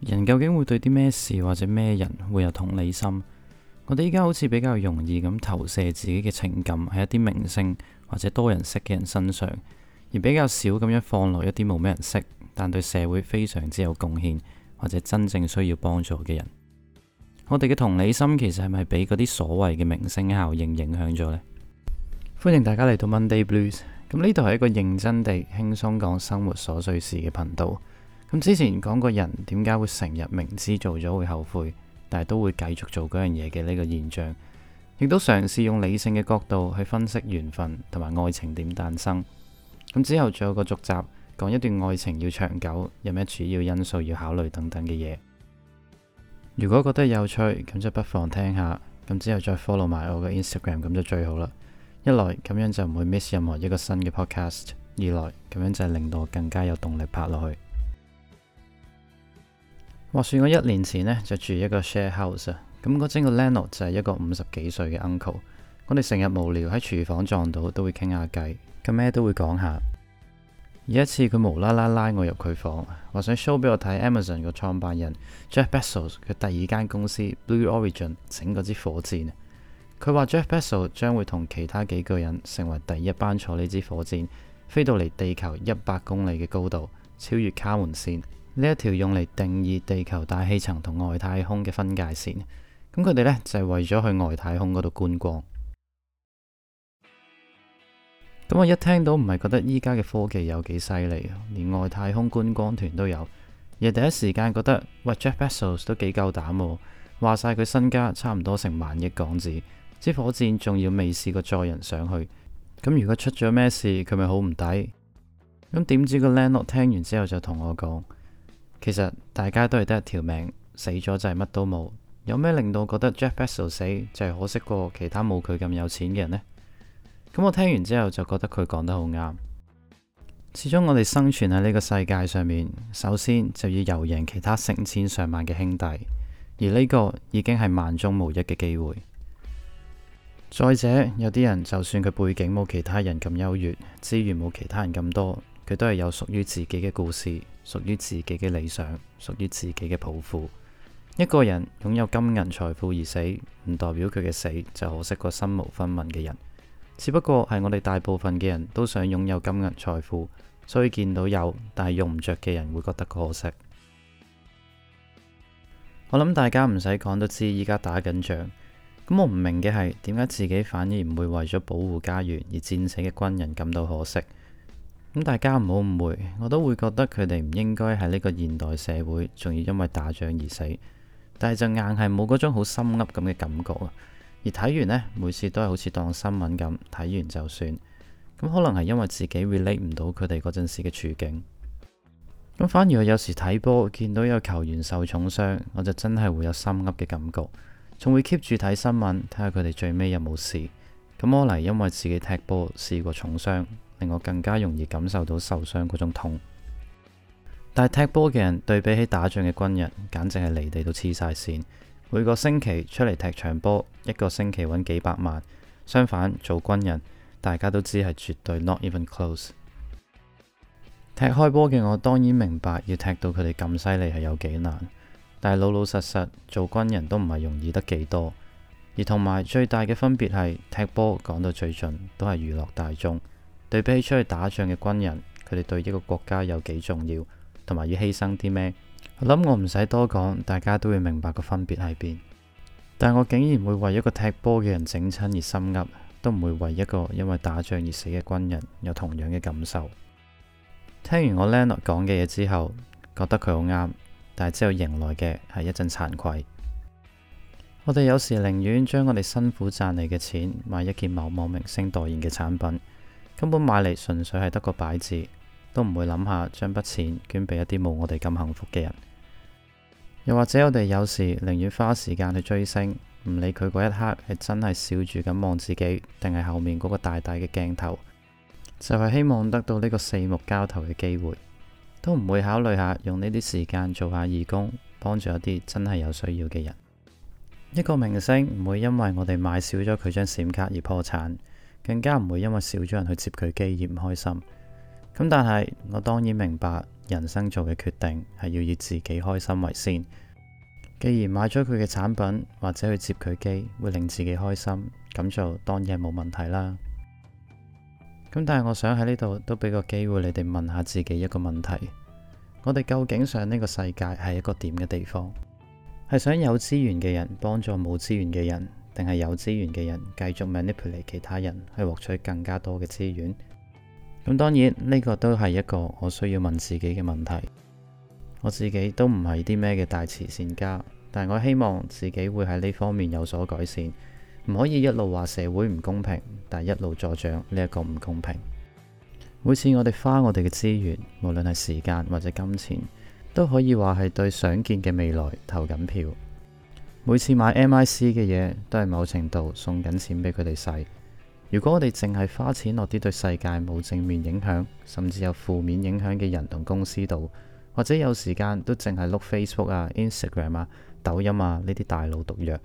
人究竟會對啲咩事或者咩人會有同理心？我哋依家好似比較容易咁投射自己嘅情感喺一啲明星或者多人識嘅人身上，而比較少咁樣放落一啲冇咩人識，但對社會非常之有貢獻或者真正需要幫助嘅人。我哋嘅同理心其實係咪俾嗰啲所謂嘅明星效應影響咗呢？歡迎大家嚟到 Monday Blues，咁呢度係一個認真地輕鬆講生活瑣碎事嘅頻道。咁之前講過，人點解會成日明知做咗會後悔，但係都會繼續做嗰樣嘢嘅呢個現象，亦都嘗試用理性嘅角度去分析緣分同埋愛情點誕生。咁之後仲有個續集，講一段愛情要長久有咩主要因素要考慮等等嘅嘢。如果覺得有趣，咁就不妨聽下。咁之後再 follow 埋我嘅 Instagram，咁就最好啦。一來咁樣就唔會 miss 任何一個新嘅 podcast；二來咁樣就令到我更加有動力拍落去。話說我一年前呢，就住一個 share house 啊，咁嗰陣個 landlord 就係一個五十幾歲嘅 uncle，我哋成日無聊喺廚房撞到都會傾下偈，咁咩都會講下。有一次佢無啦啦拉我入佢房，話想 show 俾我睇 Amazon 個創辦人 Jeff Bezos 佢第二間公司 Blue Origin 整嗰支火箭。佢話 Jeff Bezos 將會同其他幾個人成為第一班坐呢支火箭，飛到嚟地球一百公里嘅高度，超越卡門線。呢一條用嚟定義地球大氣層同外太空嘅分界線，咁佢哋呢就係、是、為咗去外太空嗰度觀光。咁我一聽到唔係覺得依家嘅科技有幾犀利啊，連外太空觀光團都有。而第一時間覺得喂 Jeff Bezos 都幾夠膽啊，話晒佢身家差唔多成萬億港紙，支火箭仲要未試過載人上去。咁如果出咗咩事，佢咪好唔抵？咁點知個 Landlord 聽完之後就同我講。其實大家都係得一條命，死咗就係乜都冇。有咩令到覺得 Jeff Bezos 死就係可惜過其他冇佢咁有錢嘅人呢？咁我聽完之後就覺得佢講得好啱。始終我哋生存喺呢個世界上面，首先就要游贏其他成千上萬嘅兄弟，而呢個已經係萬中無一嘅機會。再者，有啲人就算佢背景冇其他人咁優越，資源冇其他人咁多，佢都係有屬於自己嘅故事。屬於自己嘅理想，屬於自己嘅抱負。一個人擁有金銀財富而死，唔代表佢嘅死就可惜過身無分文嘅人。只不過係我哋大部分嘅人都想擁有金銀財富，所以見到有但係用唔着嘅人會覺得可惜。我諗大家唔使講都知，依家打緊仗。咁我唔明嘅係，點解自己反而唔會為咗保護家園而戰死嘅軍人感到可惜？咁大家唔好誤會，我都會覺得佢哋唔應該喺呢個現代社會，仲要因為打仗而死。但係就硬係冇嗰種好心噏咁嘅感覺啊。而睇完呢，每次都係好似當新聞咁睇完就算。咁可能係因為自己 relate 唔到佢哋嗰陣時嘅處境。咁反而我有時睇波，見到有球員受重傷，我就真係會有心噏嘅感覺，仲會 keep 住睇新聞，睇下佢哋最尾有冇事。咁我嚟因為自己踢波試過重傷。令我更加容易感受到受傷嗰種痛。但係踢波嘅人對比起打仗嘅軍人，簡直係離地都黐晒線。每個星期出嚟踢場波，一個星期揾幾百萬。相反做軍人，大家都知係絕對 not even close。踢開波嘅我當然明白要踢到佢哋咁犀利係有幾難，但係老老實實做軍人都唔係容易得幾多。而同埋最大嘅分別係踢波講到最盡都係娛樂大眾。對比出去打仗嘅軍人，佢哋對一個國家有幾重要，同埋要犧牲啲咩？我諗我唔使多講，大家都會明白個分別喺邊。但我竟然會為一個踢波嘅人整親而心急，都唔會為一個因為打仗而死嘅軍人有同樣嘅感受。聽完我 lando 講嘅嘢之後，覺得佢好啱，但係之後迎來嘅係一陣慚愧。我哋有時寧願將我哋辛苦賺嚟嘅錢買一件某某明星代言嘅產品。根本買嚟，純粹係得個擺字，都唔會諗下將筆錢捐俾一啲冇我哋咁幸福嘅人。又或者我哋有時寧願花時間去追星，唔理佢嗰一刻係真係笑住咁望自己，定係後面嗰個大大嘅鏡頭，就係希望得到呢個四目交投嘅機會，都唔會考慮下用呢啲時間做下義工，幫助一啲真係有需要嘅人。一個明星唔會因為我哋買少咗佢張閃卡而破產。更加唔會因為少咗人去接佢機而唔開心。咁但係我當然明白，人生做嘅決定係要以自己開心為先。既然買咗佢嘅產品或者去接佢機，會令自己開心，咁就當然係冇問題啦。咁但係我想喺呢度都俾個機會你哋問下自己一個問題：我哋究竟想呢個世界係一個點嘅地方？係想有資源嘅人幫助冇資源嘅人？定係有資源嘅人，繼續 manipulate 其他人去獲取更加多嘅資源。咁當然呢個都係一個我需要問自己嘅問題。我自己都唔係啲咩嘅大慈善家，但我希望自己會喺呢方面有所改善。唔可以一路話社會唔公平，但一路助長呢一個唔公平。每次我哋花我哋嘅資源，無論係時間或者金錢，都可以話係對想見嘅未來投緊票。每次買 MIC 嘅嘢，都係某程度送緊錢俾佢哋使。如果我哋淨係花錢落啲對世界冇正面影響，甚至有負面影響嘅人同公司度，或者有時間都淨係碌 Facebook 啊、Instagram 啊、抖音啊呢啲大腦毒藥，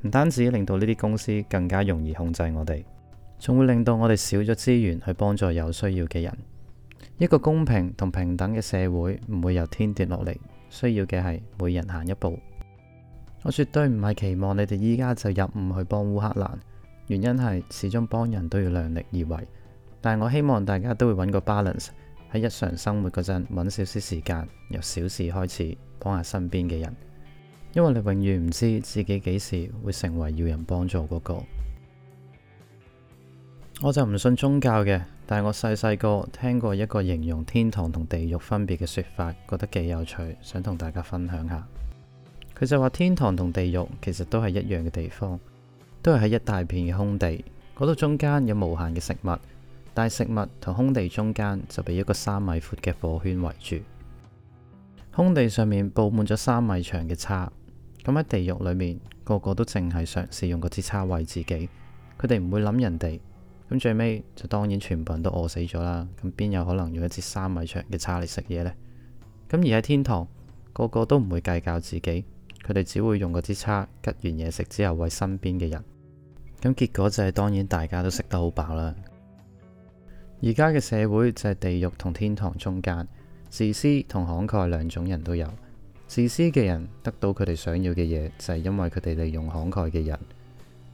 唔單止令到呢啲公司更加容易控制我哋，仲會令到我哋少咗資源去幫助有需要嘅人。一個公平同平等嘅社會唔會由天跌落嚟，需要嘅係每日行一步。我絕對唔係期望你哋依家就入伍去幫烏克蘭，原因係始終幫人都要量力而為。但係我希望大家都會揾個 balance 喺日常生活嗰陣揾少少時間，由小事開始幫下身邊嘅人，因為你永遠唔知自己幾時會成為要人幫助嗰個。我就唔信宗教嘅，但係我細細個聽過一個形容天堂同地獄分別嘅說法，覺得幾有趣，想同大家分享下。佢就話天堂同地獄其實都係一樣嘅地方，都係喺一大片嘅空地嗰度，中間有無限嘅食物，但係食物同空地中間就被一個三米闊嘅火圈圍住。空地上面布滿咗三米長嘅叉，咁喺地獄裏面個個都淨係嘗試用嗰支叉餵自己，佢哋唔會諗人哋。咁最尾就當然全部人都餓死咗啦。咁邊有可能用一支三米長嘅叉嚟食嘢呢？咁而喺天堂個個都唔會計較自己。佢哋只會用嗰支叉拮完嘢食之後，餵身邊嘅人。咁結果就係、是、當然大家都食得好飽啦。而家嘅社會就係地獄同天堂中間，自私同慷慨兩種人都有。自私嘅人得到佢哋想要嘅嘢，就係、是、因為佢哋利用慷慨嘅人。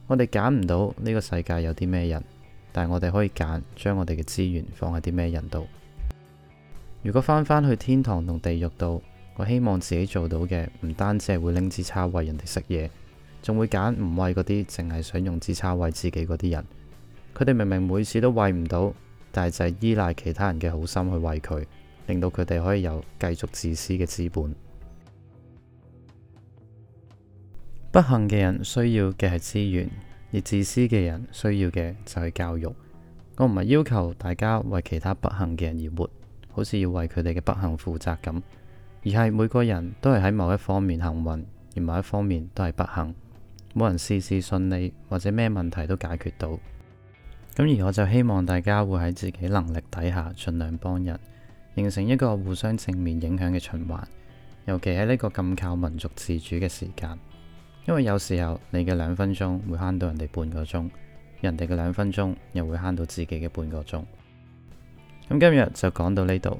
我哋揀唔到呢個世界有啲咩人，但係我哋可以揀將我哋嘅資源放喺啲咩人度。如果翻返去天堂同地獄度。我希望自己做到嘅唔單止係會拎支叉喂人哋食嘢，仲會揀唔喂嗰啲淨係想用支叉喂自己嗰啲人。佢哋明明每次都喂唔到，但係就係依賴其他人嘅好心去喂佢，令到佢哋可以有繼續自私嘅資本。 不幸嘅人需要嘅係資源，而自私嘅人需要嘅就係教育。我唔係要求大家為其他不幸嘅人而活，好似要為佢哋嘅不幸負責咁。而係每個人都係喺某一方面幸運，而某一方面都係不幸，冇人事事順利或者咩問題都解決到。咁而我就希望大家會喺自己能力底下盡量幫人，形成一個互相正面影響嘅循環。尤其喺呢個咁靠民族自主嘅時間，因為有時候你嘅兩分鐘會慳到人哋半個鐘，人哋嘅兩分鐘又會慳到自己嘅半個鐘。咁今日就講到呢度。